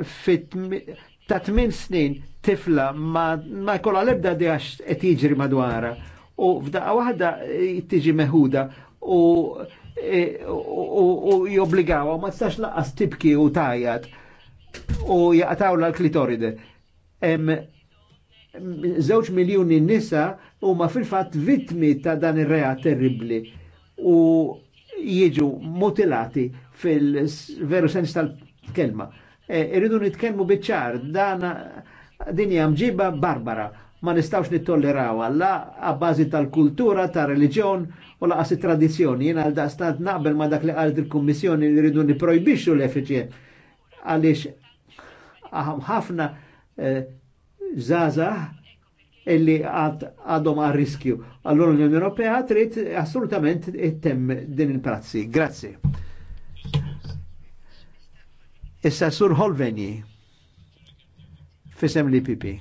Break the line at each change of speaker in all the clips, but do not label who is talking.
fit ta' tmien snin tifla ma, ma jkollha l-ebda diħax qed jiġri madwara u f'daqqa waħda eh, tiġi meħuda u eh, u jobbligawa ma tistax laqqas tibki u tajjat u jaqtaw l-klitoride. Zewġ miljoni nisa u ma fil-fat vitmi ta' dan ir-rea terribli u jieġu mutilati fil-veru sens tal-kelma. Eh, irridu nitkellmu biċċar, dan dinja mġiba barbara, ma nistawx nittolleraw alla għabbażi tal-kultura, tal-reliġjon u laqas tradizjoni. Jien għal daqstant naqbel ma dak li għalt il-Kummissjoni li rridu niprojbixxu l-FGM għaliex ħafna eh, zaza illi għadhom għal riskju. Allora l-Unjoni Ewropea trid assolutament ittemm din il-prazzi. Grazie. Issa sur Holveni, fisem li pipi.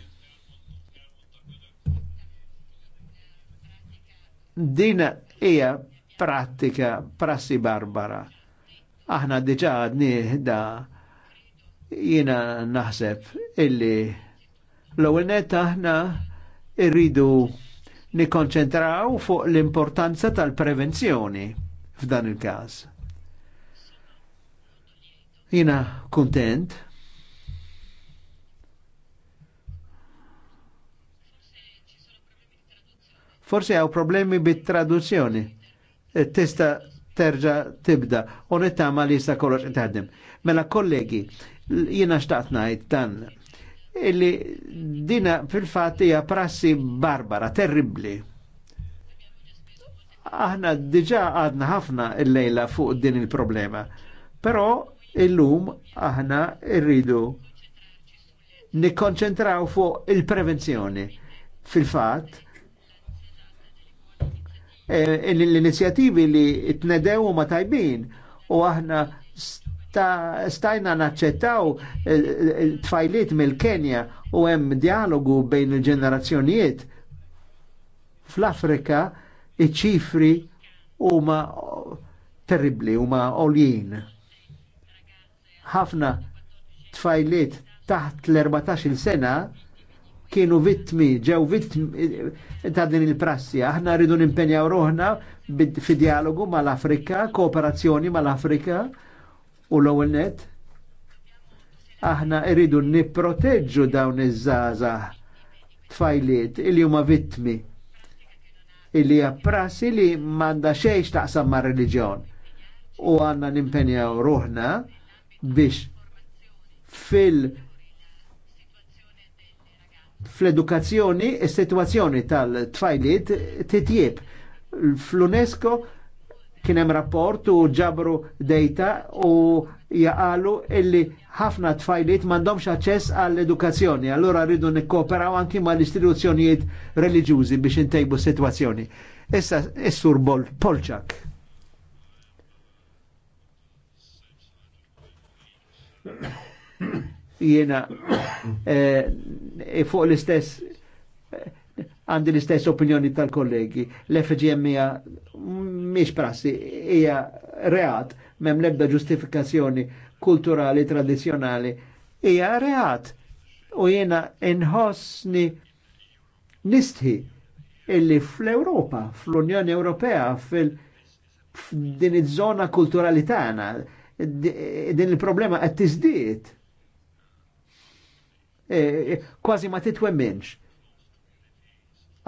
Din hija pratika prassi barbara. Aħna diġa għadni da jina naħseb illi l-ewwel net aħna irridu nikkonċentraw fuq l-importanza tal-prevenzjoni f'dan il-każ. Jina kontent Forse għaw problemi bit-traduzzjoni. E, Testa terġa tibda, u ma li jista kollox intaħdim. Mela kollegi, jina xtaqt najt dan, illi dina fil-fat hija prassi barbara, terribli. Aħna diġa għadna ħafna il-lejla fuq din il-problema, però Illum aħna rridu nikkonċentraw fuq il-prevenzjoni. Fil-fatt, eh, l-inizjativi li t-nedew ma tajbin u aħna stajna naċċettaw tfajliet mill-Kenja u hemm dialogu bejn il-ġenerazzjonijiet. Fl-Afrika iċ-ċifri huma terribli, huma oljin ħafna tfajliet taħt l-14 sena kienu vittmi, ġew vittmi eh, ta' din il-prassi. Aħna rridu nimpenjaw roħna fi dialogu mal-Afrika, kooperazzjoni mal-Afrika u l-ewwel net. Aħna rridu nipproteġġu dawn iż żaza tfajliet illi huma vittmi illi hija prassi li m'għandha xejn taqsam mar-reliġjon u għandna nimpenjaw ruħna biex fil fl-edukazzjoni s sitwazzjoni tal-tfajliet titjieb. Fl-UNESCO kien hemm rapport u ġabru data u jaqalu illi ħafna tfajliet m'għandhomx aċċess għall-edukazzjoni, allura rridu nikkooperaw anki mal-istituzzjonijiet reliġjużi biex intejbu s-sitwazzjoni. Issa, is-sur Polċak. Jiena e fuq l-istess eh, għandi l-istess opinjoni tal-kollegi. L-FGM hija mhix prassi, hija reat, m'hemm lebda ġustifikazzjoni kulturali tradizjonali. Hija reat u jiena inħossni nistħi illi fl-Europa, fl-Unjoni Ewropea, fil- din iż-żona kulturali tagħna din il-problema qed tiżdied. E, e, kważi ma titwemminx.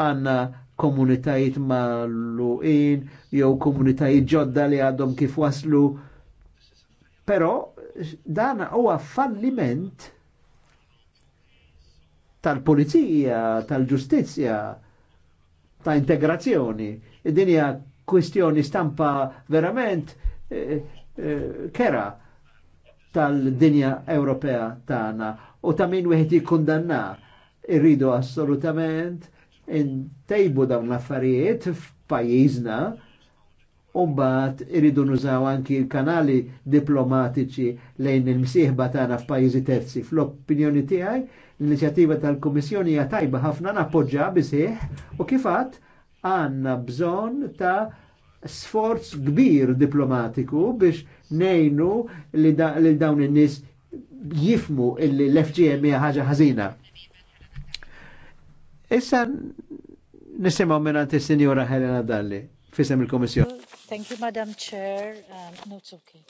Għanna komunitajiet mal-luqin, jew komunitajiet ġodda li għadhom kif waslu. Però dan huwa falliment tal pulizija tal-ġustizja, ta' integrazzjoni. Din hija kwistjoni stampa verament e, Eh, kera tal-dinja Ewropea tagħna u ta' min wieħed jikkundanna irridu assolutament intejbu dawn l-affarijiet f'pajjiżna u mbagħad irridu nużaw anki l-kanali diplomatiċi lejn il-msieħba tagħna f'pajjiżi terzi. Fl-opinjoni tiegħi l-inizjattiva tal-Kummissjoni hija tajba ħafna nappoġġja bisih u kif għandna bżonn ta' sforz kbir diplomatiku biex nejnu li, da, li dawn in-nies jifmu illi l-FGM hija ħaġa ħażina. Issa nisimgħu minn is-Sinjura Helena Dalli fisem il-Komissjoni. Thank you, Madam Chair. Um, no, it's okay.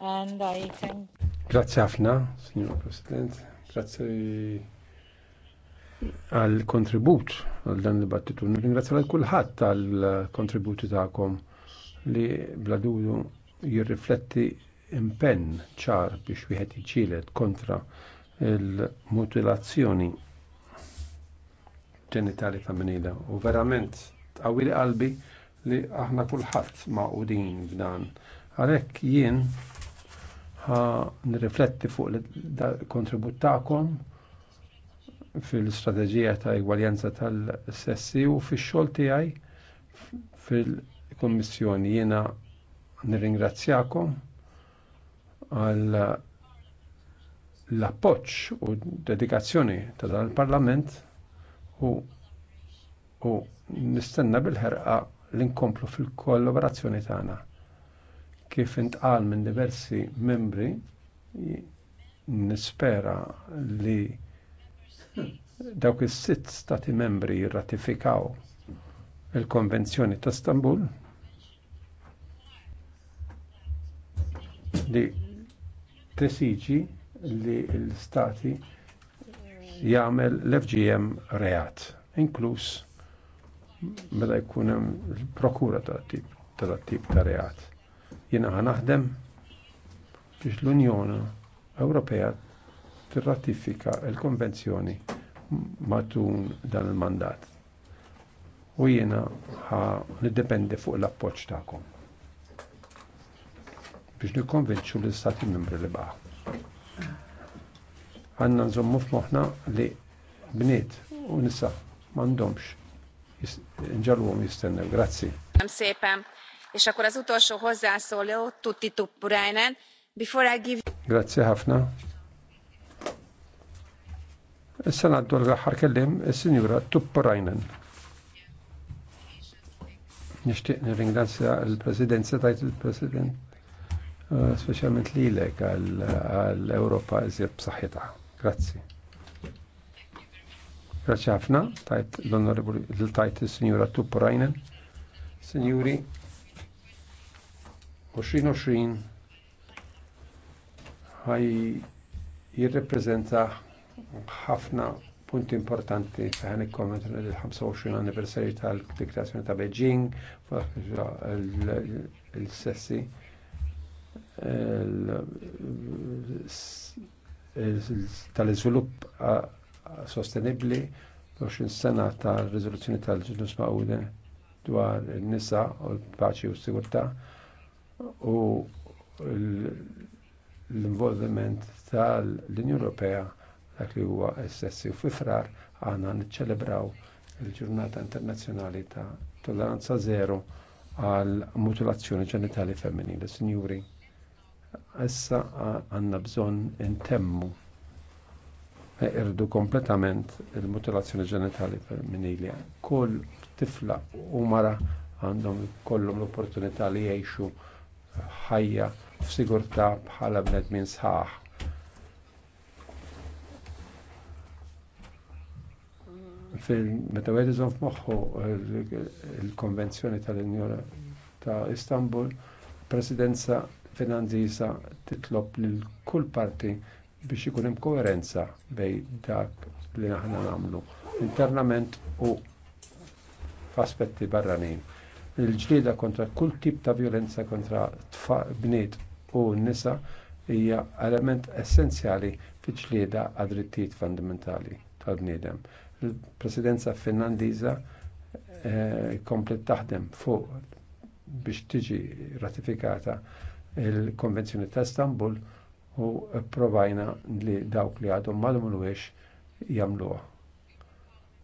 And I thank... Grazie ħafna, Signor
President. Grazie għal kontribut għal dan li battitu. Ringrazzja għal kulħadd għal kontributi ta'kom li bladudu jirrifletti impenn ċar biex wieħed iġġieled kontra il-mutilazzjoni ġenitali femminila u verament tqawwi qalbi li aħna kulħadd maqudin f'dan. Għalhekk jien nirrifletti fuq il-kontribut tagħkom fil-istrateġija ta' igwaljanza tal-sessi u fix-xogħol tiegħi fil- kummissjoni jiena nirringrazzjakom għal l-appoċ u dedikazzjoni ta' dan il-Parlament u, u nistenna bil-ħerqa l-inkomplu fil-kollaborazzjoni tagħna. Kif intqal minn diversi membri, nispera li dawk is-sitt stati membri jirratifikaw il-Konvenzjoni ta' Istanbul li tesiġi li l-stati jagħmel l-FGM reat, inkluż meta jkun hemm il-prokura tal-tip ta' reat. Jiena ħa naħdem biex l-Unjoni Ewropea tirratifika l-konvenzjoni matun dan il-mandat. U jiena ħa niddependi fuq l-appoġġ tagħkom biex nikkonvinċu l-istati membri li baħ. Għanna nżommu f'moħna li bniet u nisa mandomx nġalwom jistennew. Grazzi.
Msepa, ix akkor az utolsó hozzászóló Tutti Tuppurainen. Before I give...
Grazzi ħafna. Issa naddu l-għaxar kellim, il-Sinjura Tuppurainen. Nishtiq nirringrazzja l-Presidenza tajt il-President Eh, specialment li lek għal-Europa iżjed b'saħħitha. Grazzi. Grazzi ħafna, tajt l-onorevoli l-tajt il-Sinjura Tuppurajnen. Sinjuri, 2020 ħaj jirreprezenta ħafna punti importanti feħan ikkomment l-25 anniversari tal-dikrazzjoni ta' Beijing, il-sessi tal-iżvilupp sostenibbli 20 sena tal rizoluzzjoni tal-ġnus mawde dwar in-nisa u l-paċi u s-sigurtà u l-involviment tal-Unjoni Ewropea dak li huwa essessi u fifrar għana niċċelebraw il-ġurnata internazzjonali ta' tolleranza zero għal mutilazzjoni ġenitali femminili. Signori, issa għanna bżon intemmu e, irdu kompletament il-mutilazzjoni ġenitali femminilja. Kull tifla u mara għandhom kollum l-opportunità li jgħixu ħajja f'sigurtà bħala bnedmin sħaħ. Meta wieħed iżomm f'moħħu il konvenzjoni tal-Unjoni ta' Istanbul, presidenza finanzi titlob lil kull parti biex ikun hemm koerenza bejn dak li aħna nagħmlu internament u f'aspetti barranin. Il-ġlieda kontra kull tip ta' violenza kontra bniet u nisa hija element essenzjali fiġlieda għad drittijiet fundamentali tal-bniedem. Il-Presidenza Finlandiża eh, komplet taħdem fuq biex tiġi ratifikata il-Konvenzjoni ta' Istanbul u provajna li dawk li għadhom ma l-mulwiex jamluha.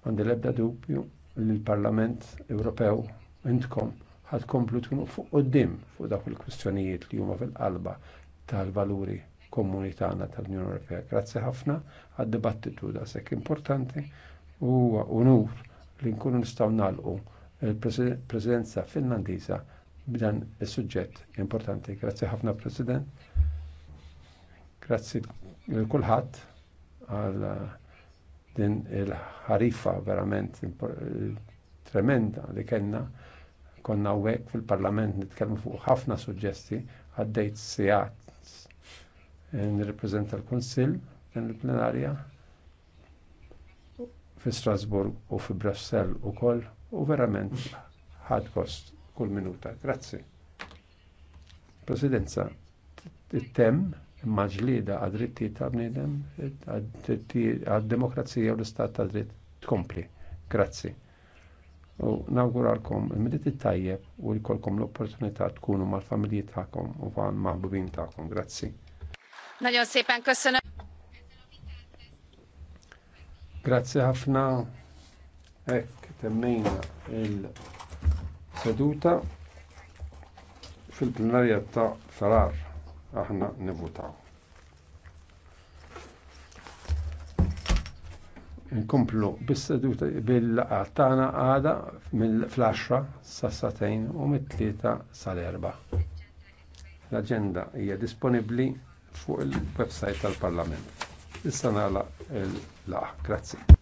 Għandi lebda dubju li l-Parlament Ewropew intkom ħad komplu tkunu fuq qoddim fuq dawk il-kwistjonijiet li huma fil-qalba tal-valuri komuni tagħna tal-Unjoni Ewropea. Grazzi ħafna għad-dibattitu da sekk importanti u unur li nkunu nistgħu nagħlqu il-Presidenza Finlandiża b'dan is-suġġett importanti. Grazzi ħafna President. Grazzi lil kulħadd għal uh, din il-ħarifa verament tremenda li kellna konna hawnhekk fil-Parlament nitkellmu fuq ħafna suġġesti għaddejt sigħat nirrappreżenta l-Kunsill din il-plenarja fi Strasburg u fi Brussell ukoll u verament ħadd kost kull minuta. Grazzi. Presidenza, tem maġlida għad-dritti ta' bnidem, għad-demokrazija u l-istat ta' dritt tkompli. Grazzi. U nawguralkom il-mediti tajjeb u jkollkom l-opportunità tkunu mal-familji ta'kom u għan ma' bubin ta'kom. Grazzi.
Nagyon szépen köszönöm.
Grazzi ħafna. Ek, temmejna il- seduta fil-plenarja ta' Ferrar aħna nivutaw. Nkomplu bis-seduta bil-laqa tagħna għada mill-10 sa' u mit-tlieta sal-erba. l agenda hija disponibbli fuq il-website tal-Parlament. Issa nagħlaq l-laħ. Grazzi.